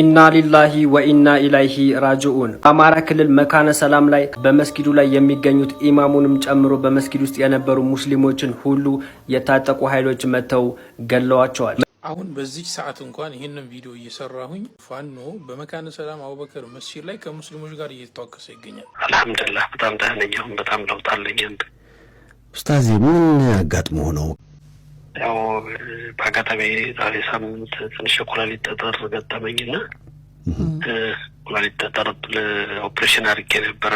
ኢና ሊላሂ ወኢና ኢላይሂ ራጅኡን። በአማራ ክልል መካነ ሰላም ላይ በመስጊዱ ላይ የሚገኙት ኢማሙንም ጨምሮ በመስጊድ ውስጥ የነበሩ ሙስሊሞችን ሁሉ የታጠቁ ኃይሎች መጥተው ገለዋቸዋል። አሁን በዚህ ሰዓት እንኳን ይህንን ቪዲዮ እየሰራሁኝ ፋኖ በመካነ ሰላም አቡበከር መስጊድ ላይ ከሙስሊሞች ጋር እየተታወቀሰ ይገኛል። አልሐምዱላህ በጣም ደህነኛሁን በጣም ለውጣለኛል። ኡስታዝ ምን አጋጥሞ ነው? ያው በአጋጣሚ ዛሬ ሳምንት ትንሽ የኩላሊት ጠጠር ገጠመኝና ኩላሊት ጠጠር ኦፕሬሽን አድርጌ ነበረ።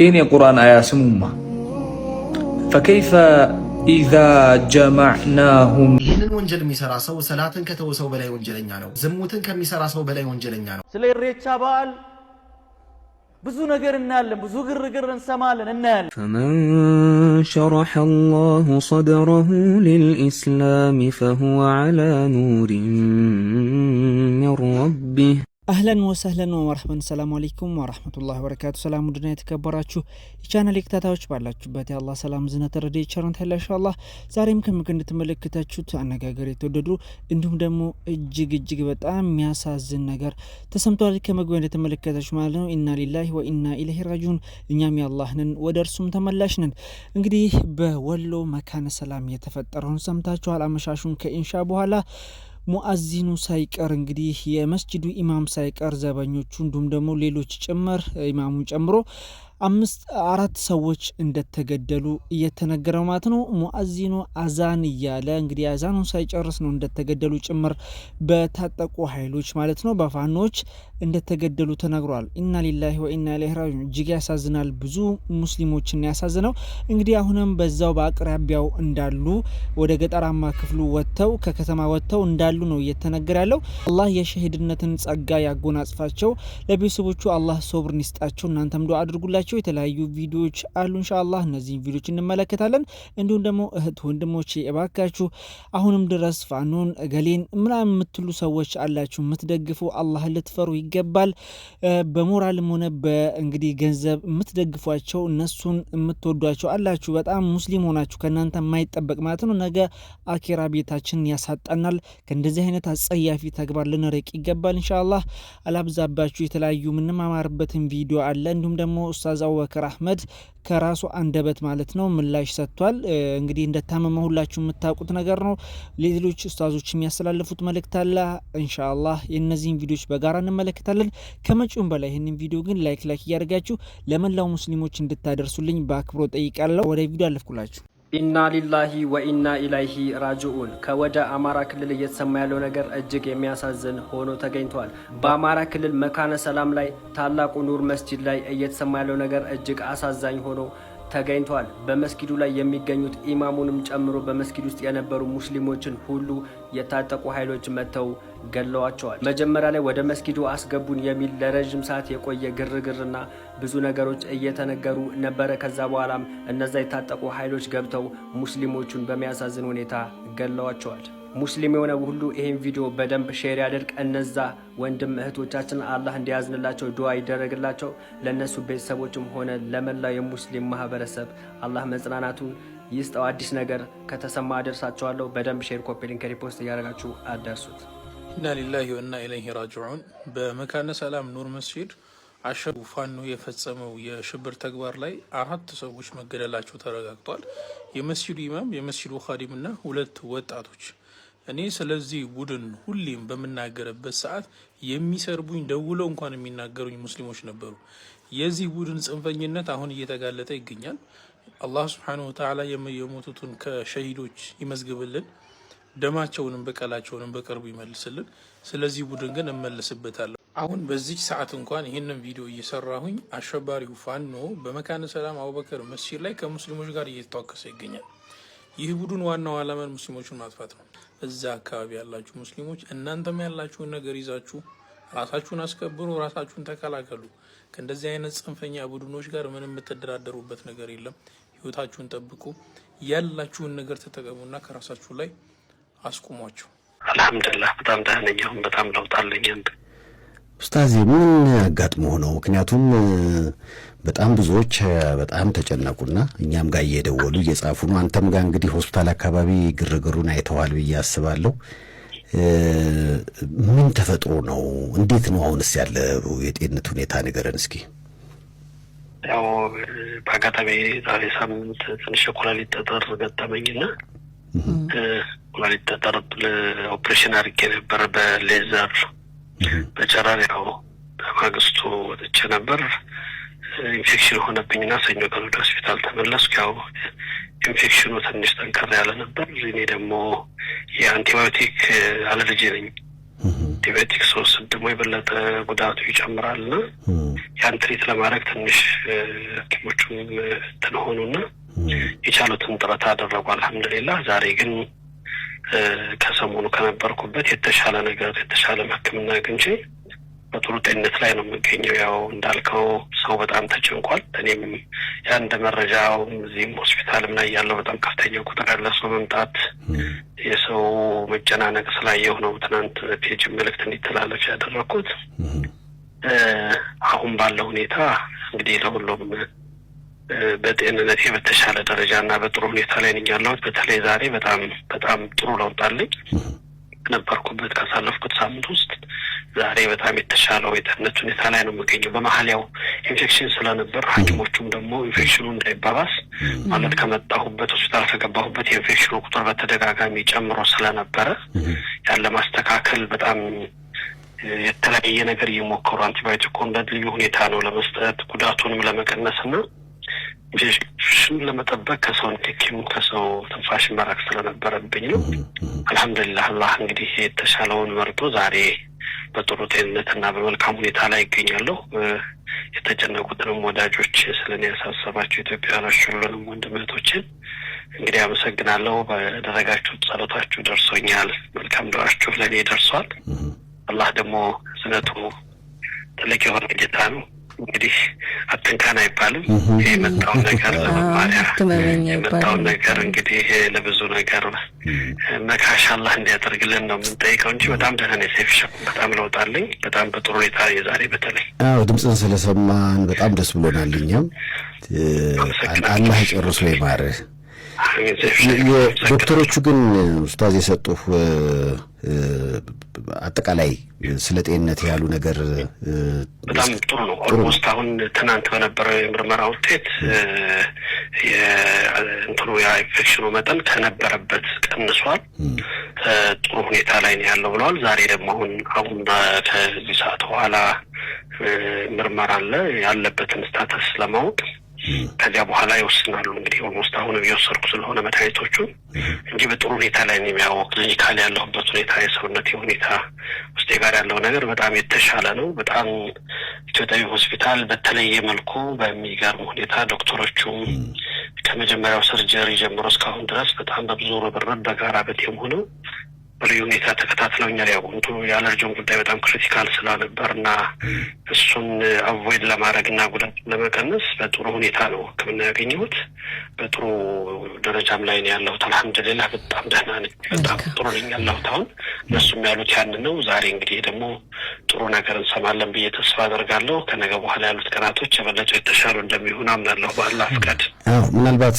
ይህን የቁርአን አያ ስሙማ ፈከይፈ ኢዛ ጀማዕናሁም። ይህንን ወንጀል የሚሰራ ሰው ሰላትን ከተወሰው በላይ ወንጀለኛ ነው። ዝሙትን ከሚሰራ ሰው በላይ ወንጀለኛ ነው። ስለ ኢሬቻ በዓል ብዙ ነገር እናያለን ብዙ ግርግር እንሰማለን እናያለን فمن شرح الله صدره للإسلام فهو على نور من ربه አህለን ወሰህለን ወመርሐበን ሰላሙ አለይኩም ወራህመቱላሂ ወበረካቱ። ሰላም ውድና የተከበራችሁ የቻናል የከታታዮች ባላችሁበት የአላህ ሰላም ዝነት ተረደ ይቸረን ታላሻ አላህ ዛሬም ከምክ እንድትመለከታችሁት አነጋገር የተወደዱ እንዲሁም ደግሞ እጅግ እጅግ በጣም የሚያሳዝን ነገር ተሰምቷል። ከመግቢያ እንደተመለከታችሁ ማለት ነው ኢና ሊላህ ወኢና ኢለይሂ ራጂዑን እኛም የአላህ ነን ወደ እርሱም ተመላሽ ነን። እንግዲህ በወሎ መካነ ሰላም የተፈጠረውን ሰምታችኋል። አመሻሹን ከኢንሻ በኋላ ሙአዚኑ ሳይቀር እንግዲህ የመስጅዱ ኢማም ሳይቀር ዘበኞቹ እንዲሁም ደግሞ ሌሎች ጭምር ኢማሙን ጨምሮ አምስት አራት ሰዎች እንደተገደሉ እየተነገረ ማለት ነው። ሙአዚኑ አዛን እያለ እንግዲህ አዛኑን ሳይጨርስ ነው እንደተገደሉ ጭምር በታጠቁ ኃይሎች ማለት ነው በፋኖች እንደተገደሉ ተነግሯል። ኢና ሊላሂ ወኢና ኢለይሂ ራጂዑን። እጅግ ያሳዝናል። ብዙ ሙስሊሞችን ያሳዝነው እንግዲህ አሁንም በዛው በአቅራቢያው እንዳሉ ወደ ገጠራማ ክፍሉ ወጥተው ከከተማ ወጥተው እንዳሉ ነው እየተነገረ ያለው። አላህ የሸሂድነትን ጸጋ ያጎናጽፋቸው፣ ለቤተሰቦቹ አላህ ሶብርን ይስጣቸው። እናንተም ዱዓ አድርጉላቸው። የምንሰራቸው የተለያዩ ቪዲዮዎች አሉ። እንሻአላህ እነዚህን ቪዲዮች እንመለከታለን። እንዲሁም ደግሞ እህት ወንድሞቼ እባካችሁ አሁንም ድረስ ፋኖን እገሌን ምናምን የምትሉ ሰዎች አላችሁ፣ የምትደግፉ አላህ ልትፈሩ ይገባል። በሞራልም ሆነ በእንግዲህ ገንዘብ የምትደግፏቸው እነሱን የምትወዷቸው አላችሁ። በጣም ሙስሊም ሆናችሁ ከእናንተ የማይጠበቅ ማለት ነው። ነገ አኬራ ቤታችንን ያሳጣናል። ከእንደዚህ አይነት አጸያፊ ተግባር ልንርቅ ይገባል። እንሻአላህ አላብዛባችሁ። የተለያዩ የምንማማርበትን ቪዲዮ አለ እንዲሁም ደግሞ ኡስታዝ አቡበከር አህመድ ከራሱ አንደበት ማለት ነው ምላሽ ሰጥቷል። እንግዲህ እንደታመመ ሁላችሁ የምታውቁት ነገር ነው። ሌሎች ኡስታዞች የሚያስተላልፉት መልእክት አለ። እንሻላ የእነዚህን ቪዲዮዎች በጋራ እንመለከታለን። ከመጪውም በላይ ይህንን ቪዲዮ ግን ላይክ ላይክ እያደርጋችሁ ለመላው ሙስሊሞች እንድታደርሱልኝ በአክብሮ ጠይቃለሁ። ወደ ቪዲዮ አለፍኩላችሁ። ኢና ሊላሂ ወኢና ኢላይሂ ራጅኡን። ከወደ አማራ ክልል እየተሰማ ያለው ነገር እጅግ የሚያሳዝን ሆኖ ተገኝቷል። በአማራ ክልል መካነ ሰላም ላይ ታላቁ ኑር መስጂድ ላይ እየተሰማ ያለው ነገር እጅግ አሳዛኝ ሆኖ ተገኝተዋል። በመስጊዱ ላይ የሚገኙት ኢማሙንም ጨምሮ በመስጊድ ውስጥ የነበሩ ሙስሊሞችን ሁሉ የታጠቁ ኃይሎች መጥተው ገለዋቸዋል። መጀመሪያ ላይ ወደ መስጊዱ አስገቡን የሚል ለረዥም ሰዓት የቆየ ግርግርና ብዙ ነገሮች እየተነገሩ ነበረ። ከዛ በኋላም እነዛ የታጠቁ ኃይሎች ገብተው ሙስሊሞቹን በሚያሳዝን ሁኔታ ገለዋቸዋል። ሙስሊም የሆነ ሁሉ ይህን ቪዲዮ በደንብ ሼር ያደርግ። እነዛ ወንድም እህቶቻችን አላህ እንዲያዝንላቸው ዱዓ ይደረግላቸው። ለእነሱ ቤተሰቦችም ሆነ ለመላው የሙስሊም ማህበረሰብ አላህ መጽናናቱን ይስጠው። አዲስ ነገር ከተሰማ አደርሳቸዋለሁ። በደንብ ሼር፣ ኮፒሊንክ፣ ሪፖስት እያደረጋችሁ አዳርሱት። ኢና ሊላሂ ወኢና ኢለይሂ ራጅዑን። በመካነ ሰላም ኑር መስጂድ አሸቡ ፋኖ የፈጸመው የሽብር ተግባር ላይ አራት ሰዎች መገደላቸው ተረጋግጧል። የመስጂዱ ኢማም፣ የመስጂዱ ኻዲምና ሁለት ወጣቶች እኔ ስለዚህ ቡድን ሁሌም በምናገርበት ሰዓት የሚሰርቡኝ ደውለው እንኳን የሚናገሩኝ ሙስሊሞች ነበሩ። የዚህ ቡድን ጽንፈኝነት አሁን እየተጋለጠ ይገኛል። አላህ ስብሓነሁ ወተዓላ የሞቱትን ከሸሂዶች ይመዝግብልን፣ ደማቸውንም በቀላቸውንም በቅርቡ ይመልስልን። ስለዚህ ቡድን ግን እመልስበታለሁ። አሁን በዚህ ሰዓት እንኳን ይህንን ቪዲዮ እየሰራሁኝ አሸባሪው ፋኖ በመካነ ሰላም አቡበከር መስጂድ ላይ ከሙስሊሞች ጋር እየተታከሰ ይገኛል። ይህ ቡድን ዋናው ዓላማን ሙስሊሞችን ማጥፋት ነው። እዛ አካባቢ ያላችሁ ሙስሊሞች እናንተም ያላችሁን ነገር ይዛችሁ ራሳችሁን አስከብሩ፣ ራሳችሁን ተከላከሉ። ከእንደዚህ አይነት ጽንፈኛ ቡድኖች ጋር ምንም የምትደራደሩበት ነገር የለም። ህይወታችሁን ጠብቁ፣ ያላችሁን ነገር ተጠቀሙና ከራሳችሁ ላይ አስቁሟቸው። አልሐምዱላህ በጣም ደህነኛሁን በጣም ለውጣለኛን ኡስታዝ ምን አጋጥሞ ነው? ምክንያቱም በጣም ብዙዎች በጣም ተጨነቁና እኛም ጋር እየደወሉ እየጻፉ ነው። አንተም ጋር እንግዲህ ሆስፒታል አካባቢ ግርግሩን አይተዋል ብዬ አስባለሁ። ምን ተፈጥሮ ነው? እንዴት ነው አሁንስ ያለ የጤንነት ሁኔታ ንገረን እስኪ። ያው በአጋጣሚ ዛሬ ሳምንት ትንሽ የኩላሊት ጠጠር ገጠመኝና ኩላሊት ጠጠር ኦፕሬሽን አድርጌ ነበር በሌዘር በጨረር ያው በማግስቱ ወጥቼ ነበር። ኢንፌክሽን ሆነብኝና ሰኞ ቀን ወደ ሆስፒታል ተመለስኩ። ያው ኢንፌክሽኑ ትንሽ ጠንከር ያለ ነበር። እኔ ደግሞ የአንቲባዮቲክ አለርጂ ነኝ። አንቲባዮቲክ ስወስድ ደግሞ የበለጠ ጉዳቱ ይጨምራል ይጨምራልና ያን ትሪት ለማድረግ ትንሽ ሐኪሞቹም እንትን ሆኑና የቻሉትን ጥረት አደረጉ። አልሐምድሌላ ዛሬ ግን ከሰሞኑ ከነበርኩበት የተሻለ ነገር የተሻለ ሕክምና አግኝቼ በጥሩ ጤንነት ላይ ነው የምገኘው። ያው እንዳልከው ሰው በጣም ተጨንቋል። እኔም ያ እንደ መረጃው እዚህም ሆስፒታልም ላይ ያለው በጣም ከፍተኛ ቁጥር ያለ ሰው መምጣት የሰው መጨናነቅ ስላየሁ ነው ትናንት ፔጅ መልእክት እንዲተላለፍ ያደረግኩት። አሁን ባለው ሁኔታ እንግዲህ ለሁሉም በጤንነቴ በተሻለ ደረጃ እና በጥሩ ሁኔታ ላይ ነኝ ያለሁት። በተለይ ዛሬ በጣም በጣም ጥሩ ለውጥ አለኝ። ነበርኩበት ካሳለፍኩት ሳምንት ውስጥ ዛሬ በጣም የተሻለው የጤንነት ሁኔታ ላይ ነው የምገኘው። በመሀል ያው ኢንፌክሽን ስለነበር ሐኪሞቹም ደግሞ ኢንፌክሽኑ እንዳይባባስ ማለት ከመጣሁበት ሆስፒታል ከገባሁበት የኢንፌክሽኑ ቁጥር በተደጋጋሚ ጨምሮ ስለነበረ ያለ ማስተካከል በጣም የተለያየ ነገር እየሞከሩ አንቲባዮቲኮን በልዩ ሁኔታ ነው ለመስጠት ጉዳቱንም ለመቀነስ ሽን ለመጠበቅ ከሰው ንክኪም ከሰው ትንፋሽ መራቅ ስለነበረብኝ ነው። አልሐምዱሊላህ አላህ እንግዲህ የተሻለውን መርጦ ዛሬ በጥሩ ጤንነት እና በመልካም ሁኔታ ላይ ይገኛለሁ። የተጨነቁትንም ወዳጆች ስለን ያሳሰባቸው ኢትዮጵያውያኖች ሁሉንም ወንድም እህቶችን እንግዲህ አመሰግናለሁ። በደረጋችሁ ጸሎታችሁ ደርሶኛል። መልካም ዱዓችሁ ለእኔ ደርሷል። አላህ ደግሞ ስነቱ ትልቅ የሆነ ጌታ ነው። እንግዲህ አትንካን አይባልም። የመጣውን ነገር ለመማሪያ የመጣውን ነገር እንግዲህ ለብዙ ነገር መካሻ አላህ እንዲያደርግልን ነው የምንጠይቀው እንጂ በጣም ደህና ነኝ። ሴፍሻ በጣም ለውጣለኝ። በጣም በጥሩ ሁኔታ የዛሬ በተለይ አዎ፣ ድምፅን ስለሰማን በጣም ደስ ብሎናል። እኛም አላህ ጨርሶ ይማርህ። ዶክተሮቹ ግን ኡስታዝ የሰጡህ አጠቃላይ ስለ ጤንነት ያሉ ነገር በጣም ጥሩ ነው። ኦልሞስት አሁን ትናንት በነበረው የምርመራ ውጤት እንትኑ የኢንፌክሽኑ መጠን ከነበረበት ቀንሷል፣ ጥሩ ሁኔታ ላይ ነው ያለው ብለዋል። ዛሬ ደግሞ አሁን አሁን ከዚህ ሰዓት በኋላ ምርመራ አለ ያለበትን ስታተስ ለማወቅ ከዚያ በኋላ ይወስናሉ። እንግዲህ ኦልሞስት አሁንም እየወሰድኩ ስለሆነ መድኃኒቶቹ እንጂ በጥሩ ሁኔታ ላይ ነው የሚያወቅ ካል ያለሁበት ሁኔታ የሰውነት ሁኔታ ውስጤ ጋር ያለው ነገር በጣም የተሻለ ነው። በጣም ኢትዮጵያዊ ሆስፒታል በተለየ መልኩ በሚገርም ሁኔታ ዶክተሮቹም ከመጀመሪያው ሰርጀሪ ጀምሮ እስካሁን ድረስ በጣም በብዙ ርብርብ በጋራ በቴም ሆነው በልዩ ሁኔታ ተከታትለውኛል። ያው እንትኑ ጉዳይ በጣም ክሪቲካል ስለነበር እና እሱን አቮይድ ለማድረግ እና ጉዳት ለመቀነስ በጥሩ ሁኔታ ነው ሕክምና ያገኘሁት። በጥሩ ደረጃም ላይ ነው ያለሁት። አልሐምድሌላ በጣም ደህና ነኝ። በጣም ጥሩ ነኝ ያለሁት አሁን። እነሱም ያሉት ያንን ነው። ዛሬ እንግዲህ ደግሞ ጥሩ ነገር እንሰማለን ብዬ ተስፋ አደርጋለሁ። ከነገ በኋላ ያሉት ቀናቶች የበለጠ የተሻሉ እንደሚሆን አምናለሁ በአላህ ፍቃድ። ምናልባት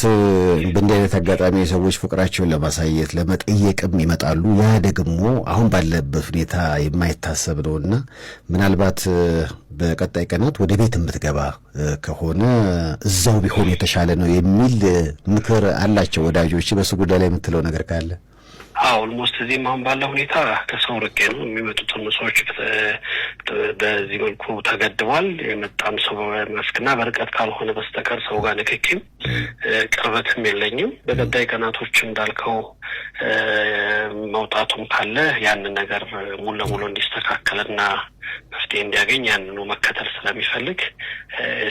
በእንዲህ አይነት አጋጣሚ የሰዎች ፍቅራቸውን ለማሳየት ለመጠየቅም ይመጣሉ ደግሞ አሁን ባለበት ሁኔታ የማይታሰብ ነውና ምናልባት በቀጣይ ቀናት ወደ ቤት የምትገባ ከሆነ እዛው ቢሆን የተሻለ ነው የሚል ምክር አላቸው ወዳጆች። በሱ ጉዳይ ላይ የምትለው ነገር ካለ? አዎ ኦልሞስት እዚህም አሁን ባለ ሁኔታ ከሰው ርቄ ነው የሚመጡትም ሰዎች በዚህ መልኩ ተገድቧል። የመጣም ሰው በመስክና በርቀት ካልሆነ በስተቀር ሰው ጋር ንክኪም ቅርበትም የለኝም። በቀጣይ ቀናቶች እንዳልከው መውጣቱም ካለ ያንን ነገር ሙሉ ለሙሉ እንዲስተካከልና መፍትሄ እንዲያገኝ ያንኑ መከተል ስለሚፈልግ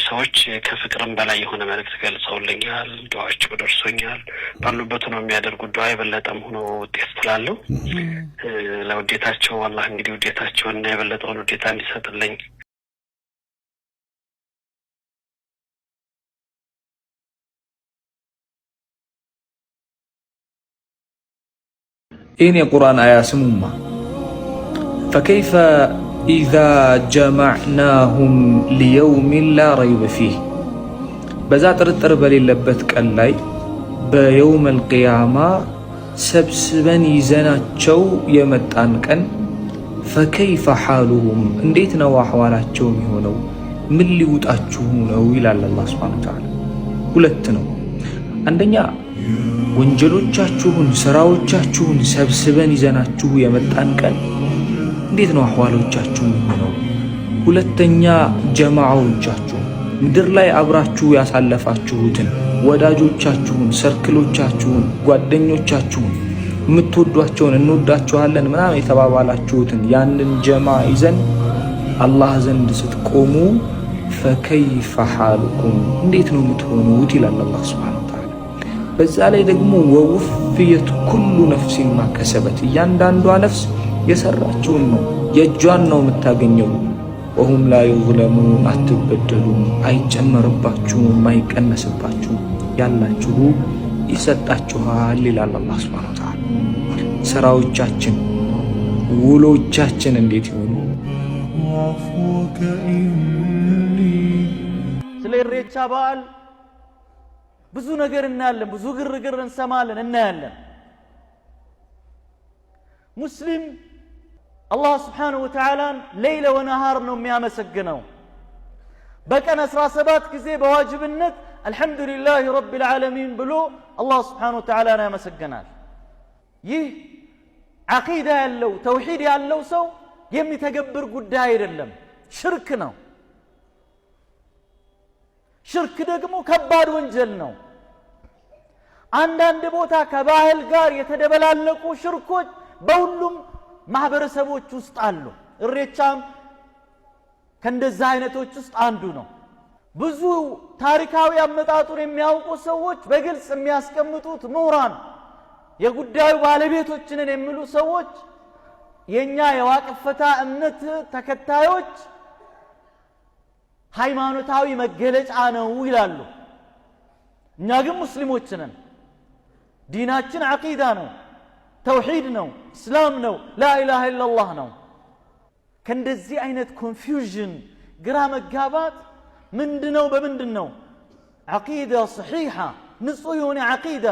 ሰዎች ከፍቅርም በላይ የሆነ መልእክት ገልጸውልኛል። ድዋቸው ደርሶኛል። ባሉበት ነው የሚያደርጉት። ድዋ የበለጠም ሆኖ ውጤት ስላለው ለውዴታቸው አላህ እንግዲህ ውዴታቸውና የበለጠውን ውዴታ እንዲሰጥልኝ ይህን የቁርአን አያ ስሙማ። ፈከይፈ ኢዛ ጀማዕናሁም ሊየውሚን ላ ረይበ ፊህ፣ በዛ ጥርጥር በሌለበት ቀን ላይ በየውመል ቂያማ ሰብስበን ይዘናቸው የመጣን ቀን ፈከይፈ ሓሉሁም፣ እንዴት ነው አሕዋላቸው የሚሆነው? ምን ሊውጣችሁ ነው ይላል አላህ ሱብሓነሁ ወተዓላ። ሁለት ነው አንደኛ ወንጀሎቻችሁን ሥራዎቻችሁን ሰብስበን ይዘናችሁ የመጣን ቀን እንዴት ነው አሕዋሎቻችሁ የሚሆነው? ሁለተኛ ጀማዓዎቻችሁ ምድር ላይ አብራችሁ ያሳለፋችሁትን ወዳጆቻችሁን፣ ሰርክሎቻችሁን፣ ጓደኞቻችሁን የምትወዷቸውን እንወዳችኋለን ምናምን የተባባላችሁትን ያንን ጀማ ይዘን አላህ ዘንድ ስትቆሙ ፈከይፈ ሓልኩም እንዴት ነው የምትሆኑት? ይላል አላህ ስብሓን በዛ ላይ ደግሞ ወውፍየት ኩሉ ነፍሲን ማከሰበት እያንዳንዷ ነፍስ የሰራችውን ነው የእጇን ነው የምታገኘው። ወሁም ላይ ዩዝለሙን አትበደሉም፣ አይጨመርባችሁም፣ አይቀነስባችሁም፣ ያላችሁ ይሰጣችኋል ይላል አላህ ሱብሓነሁ ወተዓላ። ስራዎቻችን ውሎቻችን እንዴት ይሆኑ? ስለ ኢሬቻ በዓል ብዙ ነገር እናያለን፣ ብዙ ግርግር እንሰማለን፣ እናያለን። ሙስሊም አላህ ስብሓነሁ ወተዓላን ሌይለ ወነሃር ነው የሚያመሰግነው። በቀን አስራ ሰባት ጊዜ በዋጅብነት አልሐምዱሊላህ ረቢል ዓለሚን ብሎ አላህ ስብሓነሁ ወተዓላን ያመሰግናል። ይህ ዓቂዳ ያለው ተውሒድ ያለው ሰው የሚተገብር ጉዳይ አይደለም፣ ሽርክ ነው። ሽርክ ደግሞ ከባድ ወንጀል ነው። አንዳንድ ቦታ ከባህል ጋር የተደበላለቁ ሽርኮች በሁሉም ማህበረሰቦች ውስጥ አሉ። እሬቻም ከእንደዚህ አይነቶች ውስጥ አንዱ ነው። ብዙ ታሪካዊ አመጣጡን የሚያውቁ ሰዎች በግልጽ የሚያስቀምጡት ምሁራን፣ የጉዳዩ ባለቤቶችንን የሚሉ ሰዎች የእኛ የዋቅፈታ እምነት ተከታዮች ሃይማኖታዊ መገለጫ ነው ይላሉ። እኛ ግን ሙስሊሞች ነን። ዲናችን ዓቂዳ ነው፣ ተውሒድ ነው፣ እስላም ነው፣ ላኢላሃ ኢለላህ ነው። ከእንደዚህ አይነት ኮንፊውዥን ግራ መጋባት ምንድን ነው በምንድን ነው ዓቂዳ ሰሒሓ ንጹህ የሆነ ዓቂዳ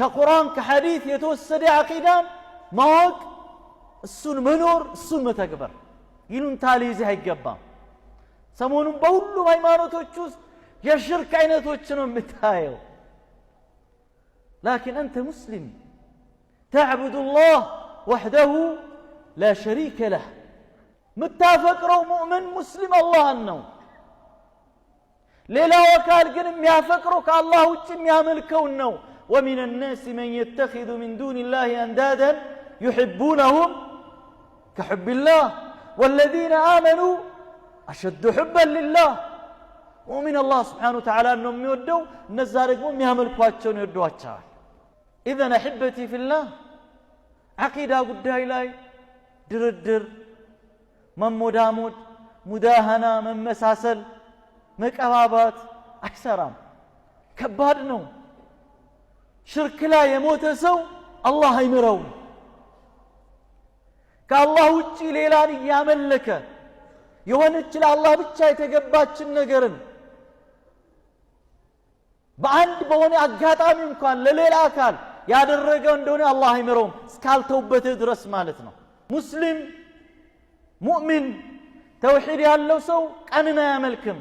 ከቁርአን ከሐዲት የተወሰደ ዓቂዳን ማወቅ፣ እሱን መኖር፣ እሱን መተግበር ይሉንታ ሊይዝህ አይገባም። ሰሞኑን በሁሉም ሃይማኖቶች ውስጥ የሽርክ አይነቶች ነው የምታየው ላኪን አንተ ሙስሊም ተዕቡድ ላህ ወሕደሁ ላ ሸሪከ ለህ የምታፈቅረው ሙእምን ሙስሊም አላህን ነው ሌላው አካል ግን የሚያፈቅረው ከአላህ ውጭ የሚያመልከውን ነው ومن الناس من يتخذ من دون الله أندادا يحبونهم كحب الله والذين آمنوا አሸዱ ሕበን ሊላህ ሙእሚን አላህ ስብሓነ ወተዓላ ነው የሚወደው። እነዛ ደግሞ የሚያመልኳቸውን ይወዷቸዋል። ኢዘን አሕበቲ ፊላህ ዓቂዳ ጉዳይ ላይ ድርድር፣ መሞዳሞድ፣ ሙዳሃና፣ መመሳሰል፣ መቀባባት አይሰራም። ከባድ ነው። ሽርክ ላይ የሞተ ሰው አላህ አይምረውም። ከአላህ ውጪ ሌላን እያመለከ የሆነች ለአላህ ብቻ የተገባችን ነገርን በአንድ በሆነ አጋጣሚ እንኳን ለሌላ አካል ያደረገው እንደሆነ አላህ አይምረውም እስካልተውበትህ ድረስ ማለት ነው። ሙስሊም ሙእሚን ተውሒድ ያለው ሰው ቀንን አያመልክም።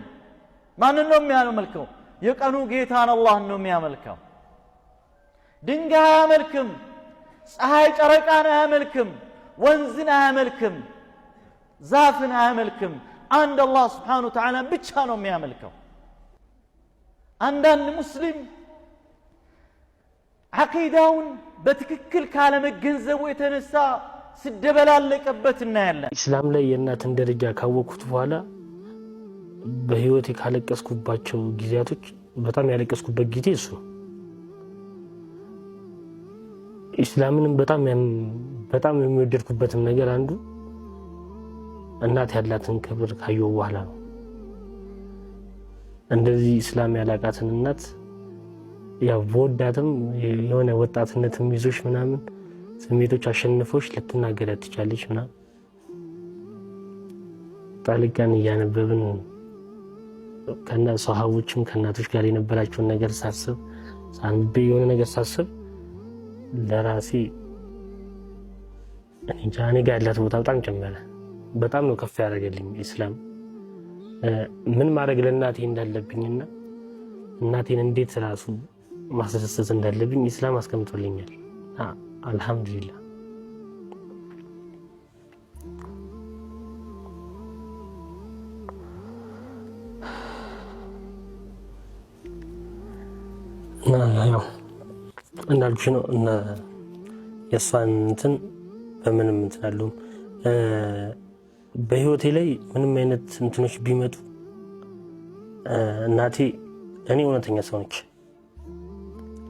ማንን ነው የሚያመልከው? የቀኑ ጌታን አላህን ነው የሚያመልከው። ድንጋይ አያመልክም። ፀሐይ ጨረቃን አያመልክም። ወንዝን አያመልክም። ዛፍን አያመልክም። አንድ አላህ ስብሓን ወተዓላ ብቻ ነው የሚያመልከው። አንዳንድ ሙስሊም ዓቂዳውን በትክክል ካለመገንዘቡ የተነሳ ስደበላለቀበት እናያለን። ኢስላም ላይ የእናትን ደረጃ ካወቅኩት በኋላ በህይወቴ ካለቀስኩባቸው ጊዜያቶች በጣም ያለቀስኩበት ጊዜ እሱ ነው። በጣም የሚወደድኩበትም ነገር አንዱ እናት ያላትን ክብር ካየሁ በኋላ ነው እንደዚህ እስላም ያላቃትን እናት ያው በወዳትም የሆነ ወጣትነትም ይዞች ምናምን ስሜቶች አሸንፎች ልትናገር ትቻለች ምናምን ጣልቃን እያነበብን ከና ሰሃቦችም ከእናቶች ጋር የነበራቸውን ነገር ሳስብ ሳንቤ የሆነ ነገር ሳስብ ለራሴ እኔ ጋር ያላት ቦታ በጣም ጨመረ። በጣም ነው ከፍ ያደረገልኝ ኢስላም። ምን ማድረግ ለእናቴ እንዳለብኝና እናቴን እንዴት ራሱ ማስደሰት እንዳለብኝ ኢስላም አስቀምጦልኛል። አልሐምዱሊላህ። እንዳልኩሽ ነው የእሷን እንትን በምንም እንትን በህይወቴ ላይ ምንም አይነት እንትኖች ቢመጡ እናቴ ለእኔ እውነተኛ ሰው ነች።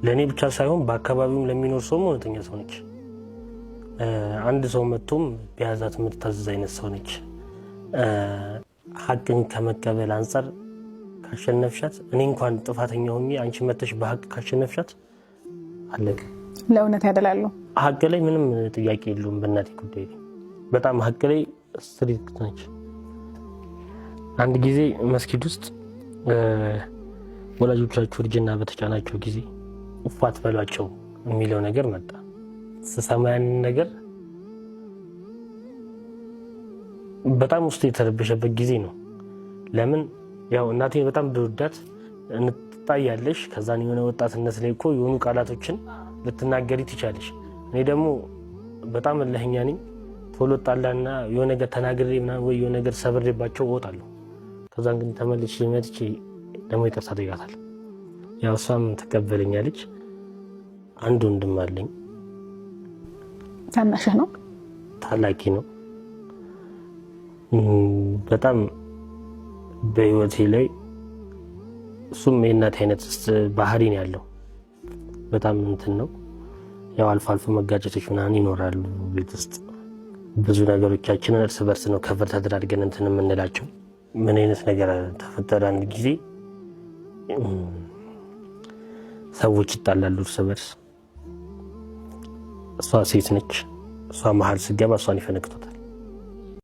ለእኔ ብቻ ሳይሆን በአካባቢውም ለሚኖር ሰውም እውነተኛ ሰው ነች። አንድ ሰው መጥቶም ቢያዛት የምትታዘዝ አይነት ሰው ነች። ሀቅን ከመቀበል አንጻር ካሸነፍሻት፣ እኔ እንኳን ጥፋተኛ ሆኜ አንቺ መተሽ በሀቅ ካሸነፍሻት አለቀ። ለእውነት ያደላሉ። ሀቅ ላይ ምንም ጥያቄ የለውም። በእናቴ ጉዳይ በጣም ሀቅ ላይ ስትሪክት ነች። አንድ ጊዜ መስጊድ ውስጥ ወላጆቻችሁ እርጅና በተጫናቸው ጊዜ እፍ አትበሏቸው የሚለው ነገር መጣ። ስሰማ ያንን ነገር በጣም ውስጥ የተረበሸበት ጊዜ ነው። ለምን ያው እናቴ በጣም ብወዳት እንትጣያለሽ። ከዛን የሆነ ወጣትነት ላይ እኮ የሆኑ ቃላቶችን ልትናገሪ ትቻለሽ። እኔ ደግሞ በጣም እልኸኛ ነኝ። ቶሎ ጣላና የሆነ ነገር ተናግሬ ምናምን ወይ የሆነ ነገር ሰብሬባቸው እወጣለሁ። ከዛም ግን ተመልሼ መጥቼ ደግሞ ይቅርታ ጠይቃታል። ያው እሷም ተቀበለኛለች። አንድ ወንድም አለኝ። ታናሽህ ነው? ታላቂ ነው። በጣም በህይወቴ ላይ እሱም የእናት አይነት ባህሪ ነው ያለው። በጣም እንትን ነው ያው አልፎ አልፎ መጋጨቶች ምናምን ይኖራሉ ቤት ውስጥ ብዙ ነገሮቻችንን እርስ በርስ ነው ከፍር ተደራድገን እንትን የምንላቸው። ምን አይነት ነገር ተፈጠረ? አንድ ጊዜ ሰዎች ይጣላሉ እርስ በርስ። እሷ ሴት ነች። እሷ መሀል ስገባ እሷን ይፈነክቶታል።